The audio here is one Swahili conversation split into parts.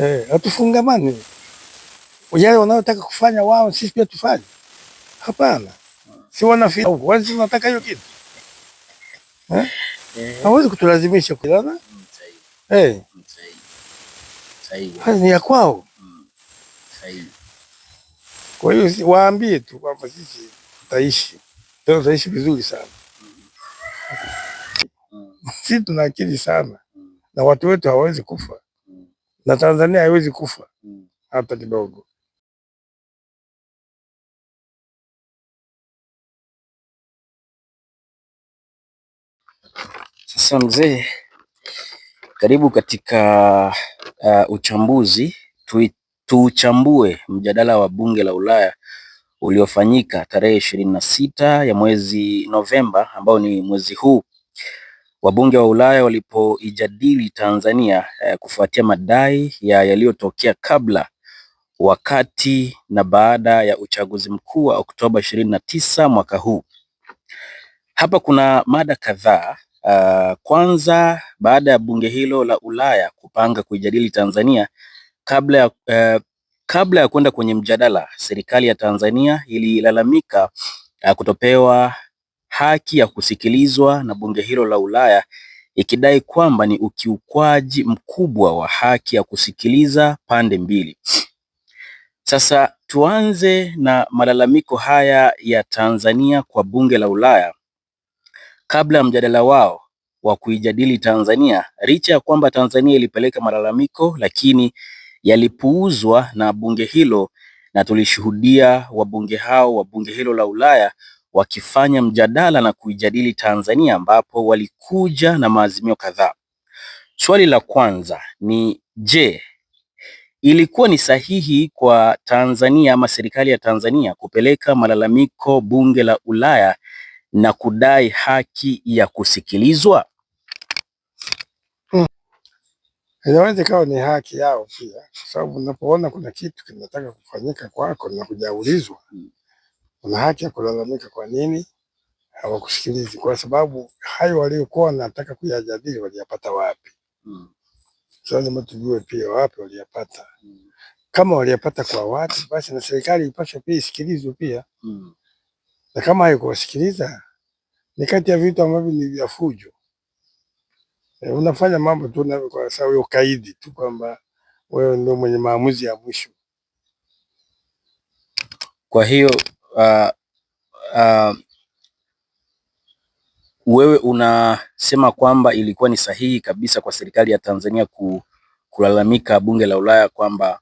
Eh, hatufungamani eh, yale wanayotaka kufanya wao, sisi pia tufanye. Hapana, si wanafika huko, wao wanataka hiyo kitu eh? eh. Hawezi kutulazimisha kulana mm, eh, mm, sahihi sahihi, ni ya kwao. Mm, sahihi. Kwa hiyo waambie tu kwamba sisi tutaishi tena, tutaishi vizuri sana. Sisi tuna akili sana na watu wetu hawawezi kufa na Tanzania haiwezi kufa mm. hata kidogo. Sasa mzee, karibu katika uh, uchambuzi tu, tuuchambue mjadala wa bunge la Ulaya uliofanyika tarehe ishirini na sita ya mwezi Novemba ambao ni mwezi huu. Wabunge wa Ulaya walipoijadili Tanzania eh, kufuatia madai ya yaliyotokea kabla, wakati na baada ya uchaguzi mkuu wa Oktoba 29 mwaka huu. Hapa kuna mada kadhaa. Uh, kwanza baada ya bunge hilo la Ulaya kupanga kuijadili Tanzania kabla ya uh, kabla ya kwenda kwenye mjadala, serikali ya Tanzania ililalamika uh, kutopewa haki ya kusikilizwa na bunge hilo la Ulaya ikidai kwamba ni ukiukwaji mkubwa wa haki ya kusikiliza pande mbili. Sasa tuanze na malalamiko haya ya Tanzania kwa bunge la Ulaya kabla ya mjadala wao wa kuijadili Tanzania, licha ya kwamba Tanzania ilipeleka malalamiko lakini yalipuuzwa na bunge hilo, na tulishuhudia wabunge hao wa bunge hilo la Ulaya wakifanya mjadala na kuijadili Tanzania ambapo walikuja na maazimio kadhaa. Swali la kwanza ni je, ilikuwa ni sahihi kwa Tanzania ama serikali ya Tanzania kupeleka malalamiko bunge la Ulaya na kudai haki ya kusikilizwa? Hmm. Inaweza ikawa ni haki yao pia, kwa sababu unapoona kuna kitu kinataka kufanyika kwako na kujaulizwa, hmm. Una haki ya kulalamika, kwa nini hawakusikilizi? Kwa sababu hayo waliokuwa wanataka kuyajadili waliyapata wapi? hmm. So, lazima tujue pia wapi waliyapata. hmm. Kama waliyapata kwa watu, basi na serikali ipaswe pia isikilizwe pia. hmm. Na kama haikuwasikiliza, ni kati ya vitu ambavyo ni vya fujo. E, unafanya mambo tu kwa sababu ya ukaidi tu kwamba wewe ndio mwenye maamuzi ya mwisho. Kwa hiyo uh, uh, wewe unasema kwamba ilikuwa ni sahihi kabisa kwa serikali ya Tanzania ku, kulalamika bunge la Ulaya kwamba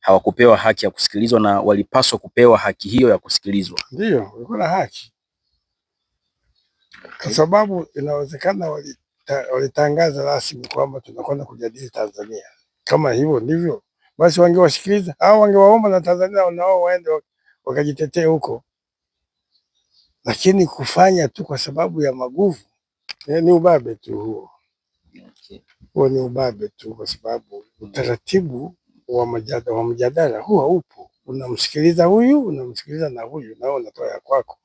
hawakupewa haki ya kusikilizwa na walipaswa kupewa haki hiyo ya kusikilizwa. Ndio, walikuwa na haki kwa sababu inawezekana walitangaza rasmi kwamba tunakwenda kujadili Tanzania. Kama hivyo ndivyo, basi wangewasikiliza au wangewaomba na Tanzania nao waende wakajitetee huko, lakini kufanya tu kwa sababu ya maguvu eh, ni ubabe tu huo, huo ni ubabe tu, kwa sababu mm. utaratibu wa mjadala, wa mjadala huwa upo, unamsikiliza huyu unamsikiliza na huyu, na unatoa ya kwako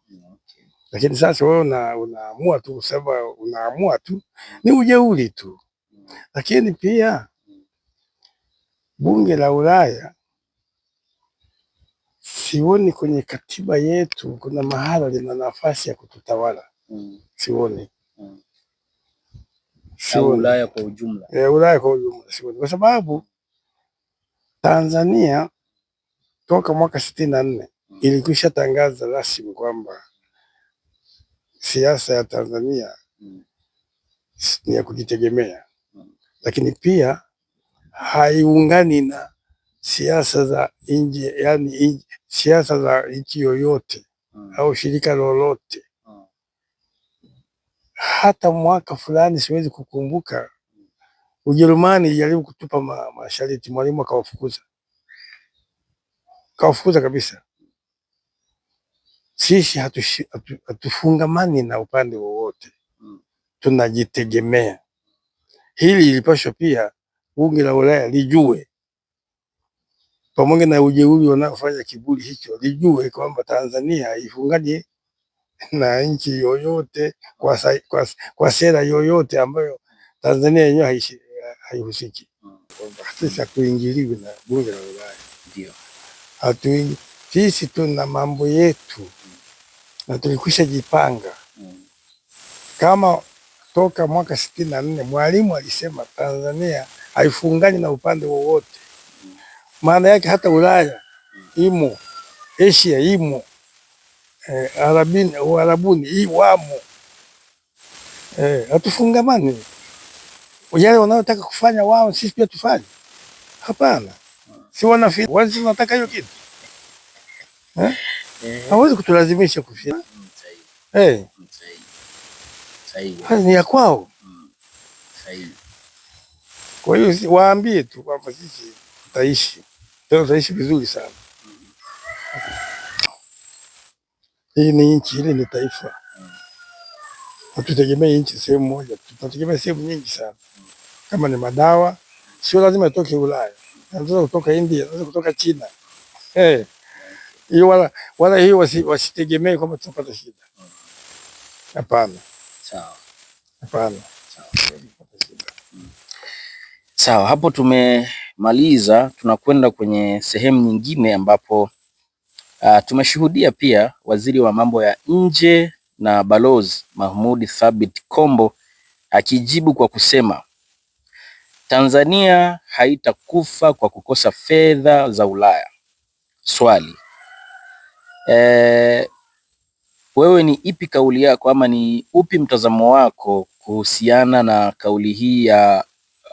lakini sasa wewe una, unaamua tu kusema, unaamua tu ni ujeuri tu. Mm. Lakini pia mm. bunge la Ulaya Sioni kwenye katiba yetu kuna mahala lina nafasi ya kututawala mm. Sioni mm. Ulaya kwa ujumla, e, Ulaya kwa ujumla sioni, kwa sababu Tanzania toka mwaka sitini na nne mm. ilikwisha tangaza rasmi kwamba siasa ya Tanzania mm. ni ya kujitegemea mm. lakini pia haiungani na siasa za nje, yani siasa za nchi yoyote hmm. au shirika lolote hmm. hata mwaka fulani siwezi kukumbuka, Ujerumani ijaribu kutupa mashariti ma Mwalimu akawafukuza kawafukuza kabisa. Sisi hatufungamani hatu, hatufungamani na upande wowote hmm. tunajitegemea. Hili lilipaswa pia bunge la Ulaya lijue pamoja na ujeuri wanaofanya kiburi hicho, lijue kwamba Tanzania haifungani na nchi yoyote kwa, sa, kwa, kwa sera yoyote ambayo Tanzania yenyewe haihusiki. Sisi hatuingiliwi na bunge la Ulaya, ndio sisi tuna mambo yetu na tulikwisha jipanga mm. Kama toka mwaka sitini na nne Mwalimu alisema Tanzania haifungani na upande wowote maana yake hata Ulaya imo, Asia imo, e, Arabini, Uarabuni iwamo. E, eh, hatufungamani yale wanayotaka kufanya wao, sisi pia tufanye? Hapana, si wanafiki wazi, wanataka hiyo kitu eh? eh. Hawezi kutulazimisha kufia mm, eh, mm, ni ya kwao. Mm, Kwa hiyo waambie tu kwamba sisi tutaishi leo utaishi vizuri sana. Hii ni nchi, hili ni taifa. Hatutegemei nchi sehemu moja, tunategemea sehemu nyingi sana. Kama ni madawa, sio lazima itoke Ulaya, anaweza kutoka India, anaweza kutoka China. Hey, eh, hiyo wala wala hiyo wasitegemee wasi kwamba tutapata shida. Hapana, sawa, hapana, sawa. Sawa, hapo tume maliza tunakwenda kwenye sehemu nyingine ambapo uh, tumeshuhudia pia waziri wa mambo ya nje na balozi Mahmoud Thabit Kombo akijibu kwa kusema Tanzania haitakufa kwa kukosa fedha za Ulaya. Swali e, wewe ni ipi kauli yako ama ni upi mtazamo wako kuhusiana na kauli hii ya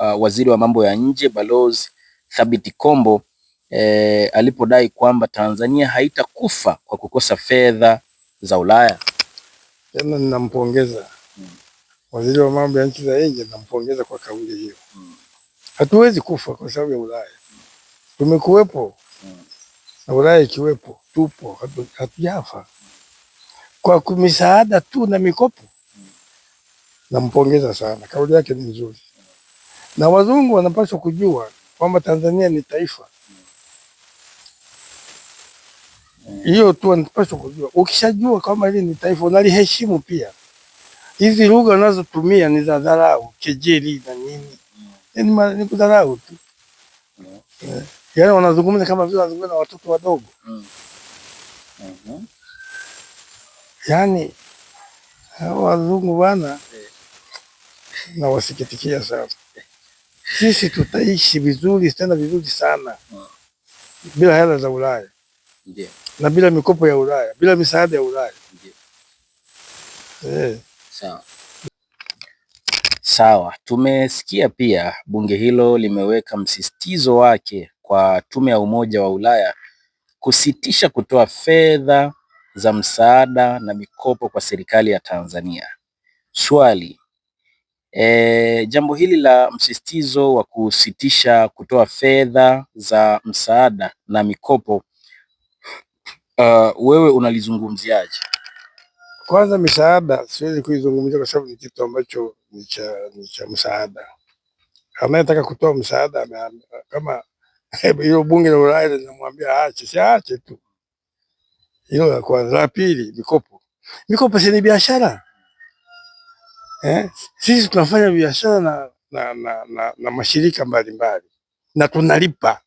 uh, waziri wa mambo ya nje Balozi Thabit Kombo eh, alipodai kwamba Tanzania haitakufa kwa kukosa fedha za Ulaya. Tena ninampongeza hmm. waziri wa mambo ya nchi za nje, nampongeza kwa kauli hiyo hmm. Hatuwezi kufa kwa sababu ya Ulaya hmm. Tumekuwepo hmm. na Ulaya ikiwepo, tupo, hatujafa kwa misaada tu na mikopo hmm. Nampongeza sana, kauli yake ni nzuri na wazungu wanapaswa kujua kwamba Tanzania ni taifa hiyo tu wanapaswa kujua. Ukishajua kwamba hili ni taifa unaliheshimu pia. Hizi lugha unazotumia ni za dharau, kejeli na nini mm. ni kudharau tu yani Yaani wanazungumza kama vile wanazungumza na watoto wadogo yani wazungu bana, eh. nawasikitikia sana sisi tutaishi vizuri tena vizuri sana hmm. bila hela za Ulaya Ndiyo. na bila mikopo ya Ulaya bila misaada ya Ulaya eh. Sawa. Sawa, tumesikia pia bunge hilo limeweka msisitizo wake kwa tume ya Umoja wa Ulaya kusitisha kutoa fedha za msaada na mikopo kwa serikali ya Tanzania. Swali, E, jambo hili la msisitizo wa kusitisha kutoa fedha za msaada na mikopo uh, wewe unalizungumziaje? Kwanza misaada siwezi kuizungumzia kwa sababu ni kitu ambacho ni cha msaada. Anayetaka kutoa msaada kama hiyo bunge la Ulaya linamwambia aache, si aache tu. Hilo la kwanza. La pili, mikopo. Mikopo si ni biashara eh, sisi tunafanya biashara na, na, na, na, na mashirika mbalimbali mbali, na tunalipa.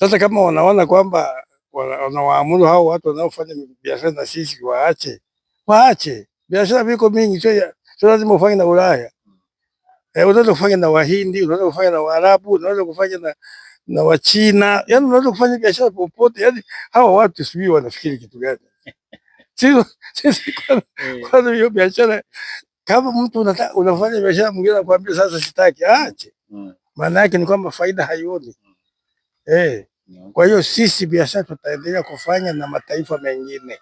Sasa kama wanaona kwamba wanawaamuru hao watu wanaofanya biashara na sisi waache, waache biashara. Viko mingi, sio lazima ufanye na Ulaya. Eh, unaweza kufanya na Wahindi, unaweza kufanya na Waarabu, unaweza kufanya na na Wachina, yani unaweza kufanya biashara popote. Yani hawa watu sijui wanafikiri kitu gani? Sisi sisi kwa hiyo biashara kama mtu unafanya biashara mwingine anakuambia sasa sitaki, aache. Mm. Maana yake ni kwamba faida haioni. Mm. Eh, mm. kwa hiyo sisi biashara tutaendelea kufanya na mataifa mengine.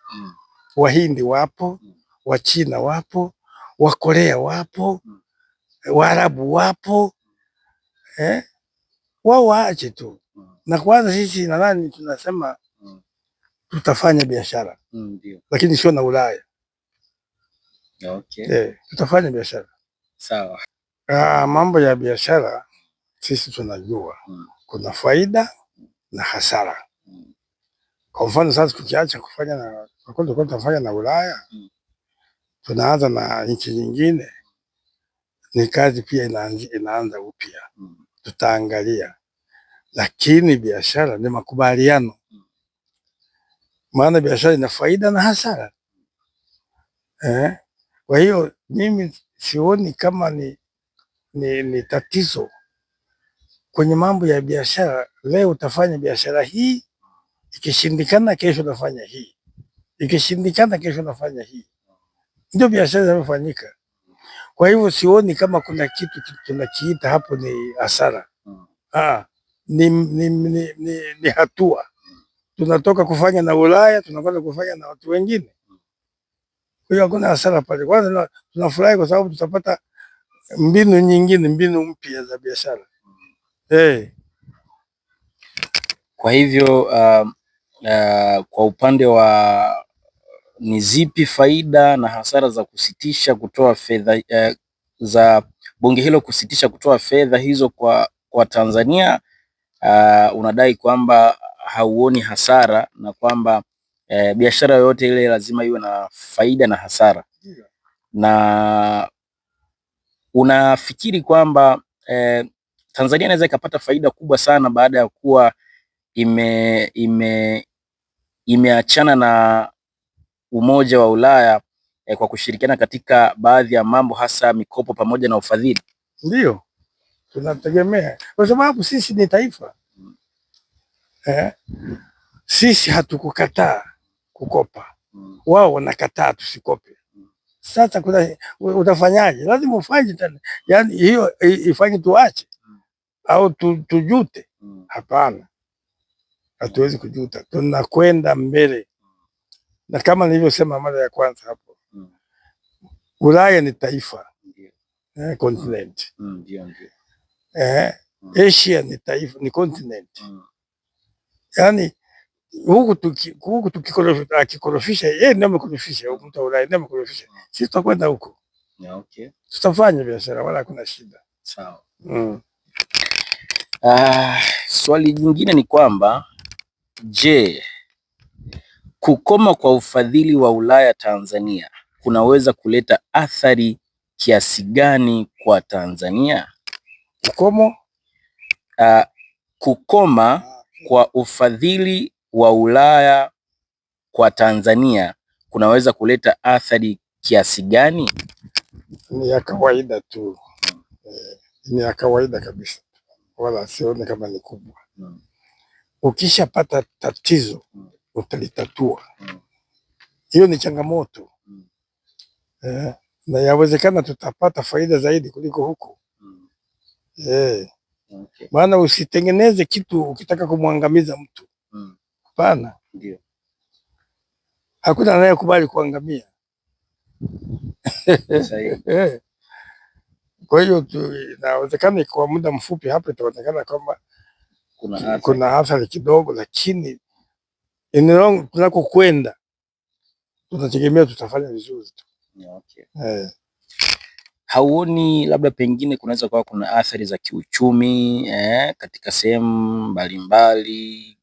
Wahindi wapo, Wachina wapo, Wakorea wapo, Waarabu wapo. Eh? Wao waache tu. Na kwanza sisi nadhani tunasema tutafanya biashara. Lakini sio na Ulaya. Okay. Eh, tutafanya biashara. Sawa. Ah, mambo ya biashara sisi tunajua hmm. Kuna faida na hasara hmm. Kwa mfano sasa tukiacha kufanya na kwa tunafanya na Ulaya hmm. Tunaanza na nchi nyingine, ni kazi pia inaanza, inaanza upya hmm. Tutaangalia, lakini biashara ni makubaliano hmm. Maana biashara ina faida na hasara eh? Kwa hiyo mimi sioni kama ni, ni, ni tatizo kwenye mambo ya biashara. Leo utafanya biashara hii, ikishindikana kesho utafanya hii, ikishindikana kesho utafanya hii, ndio biashara zinazofanyika. Kwa hivyo sioni kama kuna kitu tunachiita hapo ni hasara. Hmm. Ah, ni, ni, ni, ni, ni hatua tunatoka kufanya na Ulaya tunakwenda kufanya na watu wengine hiyo hakuna hasara pale. Kwanza tunafurahi kwa sababu tutapata mbinu nyingine, mbinu mpya za biashara hey. Eh. Kwa hivyo uh, uh, kwa upande wa ni zipi faida na hasara za kusitisha kutoa fedha uh, za bunge hilo kusitisha kutoa fedha hizo kwa, kwa Tanzania uh, unadai kwamba hauoni hasara na kwamba eh, biashara yoyote ile lazima iwe na faida na hasara, na unafikiri kwamba eh, Tanzania inaweza ikapata faida kubwa sana baada ya kuwa ime, ime, imeachana na Umoja wa Ulaya eh, kwa kushirikiana katika baadhi ya mambo hasa mikopo pamoja na ufadhili. Ndio tunategemea kwa sababu sisi ni taifa eh, sisi hatukukataa kukopa mm. Wao wanakataa tusikope mm. Sasa kuna utafanyaje? Lazima ufanye tena, yani hiyo ifanye tuache mm. au tu, tujute mm. Hapana, hatuwezi kujuta, tunakwenda mbele mm. Na kama nilivyosema mara ya kwanza hapo mm. Ulaya ni taifa yeah. eh, continent mm. Mm. Eh, mm. Asia ni taifa, ni continent mm. yani huku tukikorofisha yeye ndio amekorofisha huku mtu Ulaya ndio amekorofisha, sisi tutakwenda huko yeah, okay. Tutafanya biashara wala hakuna shida sawa. mm. Ah, swali jingine ni kwamba je, kukoma kwa ufadhili wa Ulaya Tanzania kunaweza kuleta athari kiasi gani kwa Tanzania? Ah, kukoma kwa ufadhili wa Ulaya kwa Tanzania kunaweza kuleta athari kiasi gani? Ni ya kawaida tu eh, ni ya kawaida kabisa, wala sione kama ni kubwa hmm. Ukishapata tatizo hmm. utalitatua hiyo hmm. ni changamoto hmm. eh, na yawezekana tutapata faida zaidi kuliko huko hmm. eh, okay. Maana usitengeneze kitu ukitaka kumwangamiza mtu hmm. Hapana, ndio, hakuna anayekubali kuangamia. Eh. Kwa hiyo inawezekana kwa muda mfupi hapa itaonekana kwamba kuna, athari kidogo, lakini tunakokwenda tunategemea tutafanya vizuri tu. Okay. Eh. Hauoni labda pengine kunaweza kuwa kuna athari za kiuchumi eh, katika sehemu mbalimbali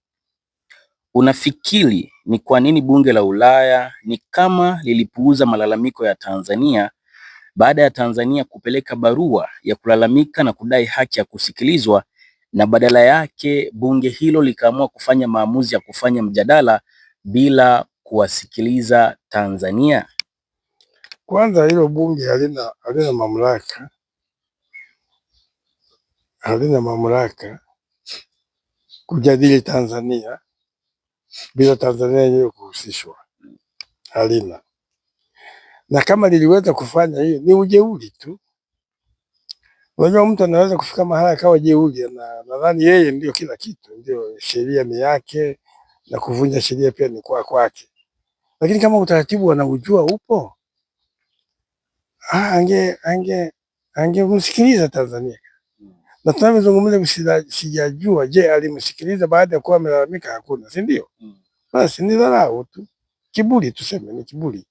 Unafikiri ni kwa nini bunge la Ulaya ni kama lilipuuza malalamiko ya Tanzania baada ya Tanzania kupeleka barua ya kulalamika na kudai haki ya kusikilizwa na badala yake bunge hilo likaamua kufanya maamuzi ya kufanya mjadala bila kuwasikiliza Tanzania? Kwanza hilo bunge halina halina mamlaka halina mamlaka kujadili Tanzania bila Tanzania yenyewe kuhusishwa, halina. Na kama liliweza kufanya hiyo, ni ujeuri tu. Unajua, mtu anaweza kufika mahala akawa jeuri, na nadhani yeye ndio kila kitu, ndio sheria ni yake, na kuvunja sheria pia ni kwa kwake. Lakini kama utaratibu anaujua upo, ah, ange ange angemsikiliza Tanzania na tunavyozungumza sijajua, je, alimsikiliza baada ya kuwa amelalamika? Hakuna, si ndio? Mm. Basi ni dharau tu, kiburi, tuseme ni kiburi.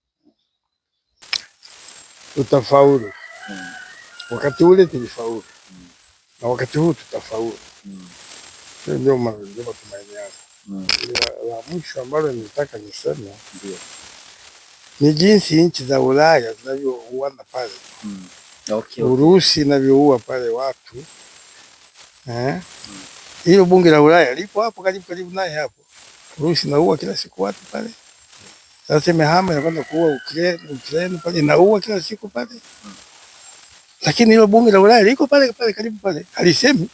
Tutafaulu mm. wakati ule tulifaulu mm. na wakati huu tutafaulu mm. Ndio matumaini yangu mm. La mwisho ambalo nitaka niseme ndio ni jinsi nchi za Ulaya zinavyouana pale mm. Urusi inavyoua pale watu eh? Hilo bunge la Ulaya lipo hapo karibu karibu naye hapo. Urusi naua kila siku watu pale. Sasa ya inakwenda kuua Ukraine, Ukraine pale naua kila siku pale. Lakini hilo bunge la Ulaya liko pale pale karibu pale. Alisemi.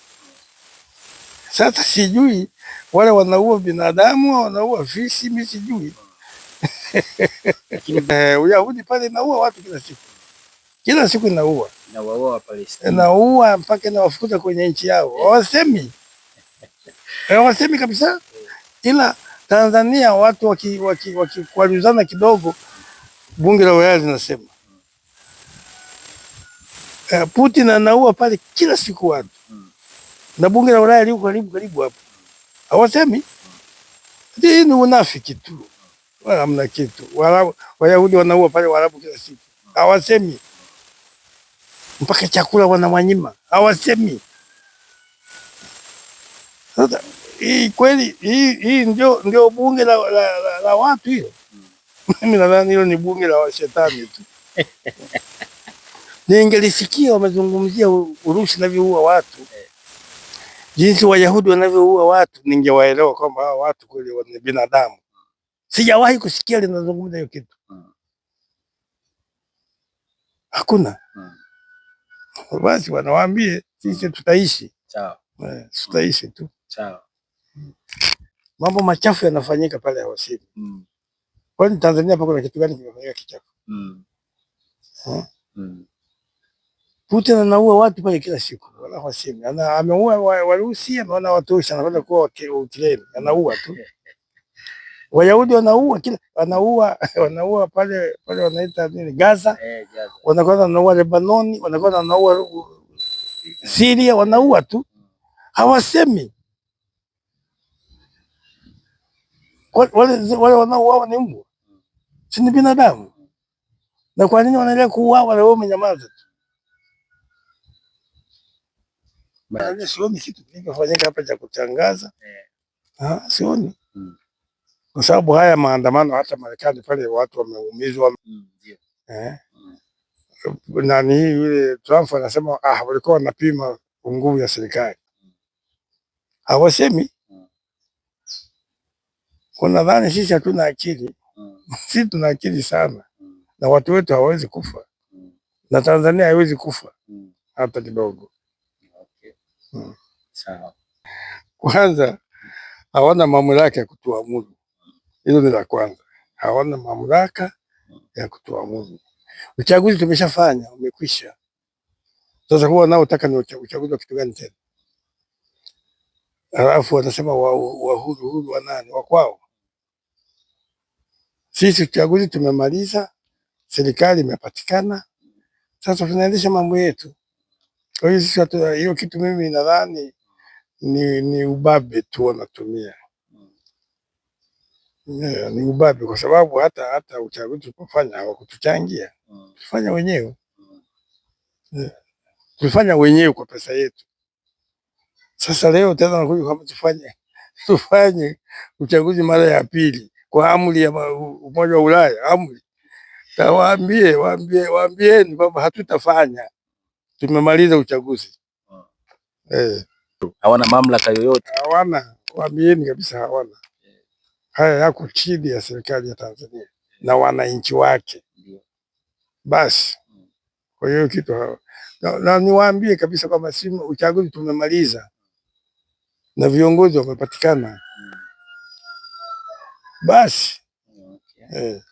Sasa sijui wale wanaua binadamu au wanaua fisi, mimi sijui. Eh, Uyahudi pale naua watu kila siku kila siku inaua inaua mpaka inawafukuza kwenye nchi yao, eh. hawasemi eh, hawasemi kabisa. Eh. Ila Tanzania watu wakikwaruzana waki, kidogo, bunge la Ulaya linasema hmm. Putin anaua pale kila siku watu hmm. na bunge la Ulaya liko karibu karibu hapo, hmm. hawasemi. Hmm. Hii ni unafiki tu, wala hamna kitu. Wayahudi wanaua pale Waarabu kila siku, hawasemi mpaka chakula wanawanyima, hawasemi. Sasa hii kweli, hii ndio ndio bunge la, la, la, la watu hiyo. Mimi nadhani hilo ni bunge la washetani tu. Ningelisikia wamezungumzia Urusi navyoua watu jinsi Wayahudi wanavyoua watu, ningewaelewa kwamba hawa watu kweli ni binadamu. Sijawahi kusikia linazungumza hiyo kitu, hmm. hakuna. Hmm basi wanawaambie sisi mm. tutaishi sawa, eh, tutaishi tu sawa. Mambo machafu yanafanyika pale Hawasiri. Mm. Kwani Tanzania hapo kuna kitu gani kimefanyika kichafu? Mm. Eh? Mm. Putin anaua watu pale kila siku, wala Hawasiri ana ameua Warusi, ameona Waturusi, anapenda kuwa Ukraine, anaua tu Wayahudi wanaua kila wanaua wanaua pale pale wanaita nini Gaza, eh, Wanakwenda wanaua Lebanoni, wanakwenda wanaua uh, Siria, wanaua tu hawasemi. Wale wale wanaouawa ni mbwa, si ni binadamu? Na kwa nini wanaendelea kuuawa na wewe umenyamaza tu? Yaani sioni kitu kinachofanyika hapa cha kutangaza, eh. ah, sioni. Hmm kwa sababu haya maandamano hata Marekani pale watu wameumizwa. mm, yeah. eh? mm. nani yule Trump anasema ah, walikuwa wanapima nguvu ya serikali mm. hawasemi mm. unadhani sisi hatuna akili mm. sisi tuna akili sana mm. na watu wetu hawawezi kufa mm. na Tanzania haiwezi kufa mm. hata kidogo okay. mm. kwanza hawana mamlaka ya kutuamuru hilo ni la kwanza, hawana mamlaka ya kutuamuru. Uchaguzi tumeshafanya umekwisha. Sasa huwa taka ni uchaguzi wa kitu gani tena? Alafu wanasema wahuruhuru wa nani wa kwao. Sisi uchaguzi tumemaliza, serikali imepatikana, sasa tunaendesha mambo yetu. Kwa hiyo sisi hiyo kitu mimi nadhani ni, ni ubabe tu wanatumia yeah, ni ubabe kwa sababu hata hata uchaguzi tulipofanya hawakutuchangia mm. tulifanya wenyewe mm. yeah. tulifanya wenyewe kwa pesa yetu. Sasa leo tena nakuja kama tufanye tufanye uchaguzi mara ya pili kwa amri ya Umoja wa Ulaya, amri tawaambie waambie waambieni kwamba hatutafanya, tumemaliza uchaguzi mm. eh. hawana mamlaka yoyote, hawana waambieni kabisa, hawana haya yako chini ya serikali ya Tanzania na wananchi wake. Basi kwa hiyo kitu na, na niwaambie kabisa kwamba si uchaguzi tumemaliza na viongozi wamepatikana basi, okay. eh.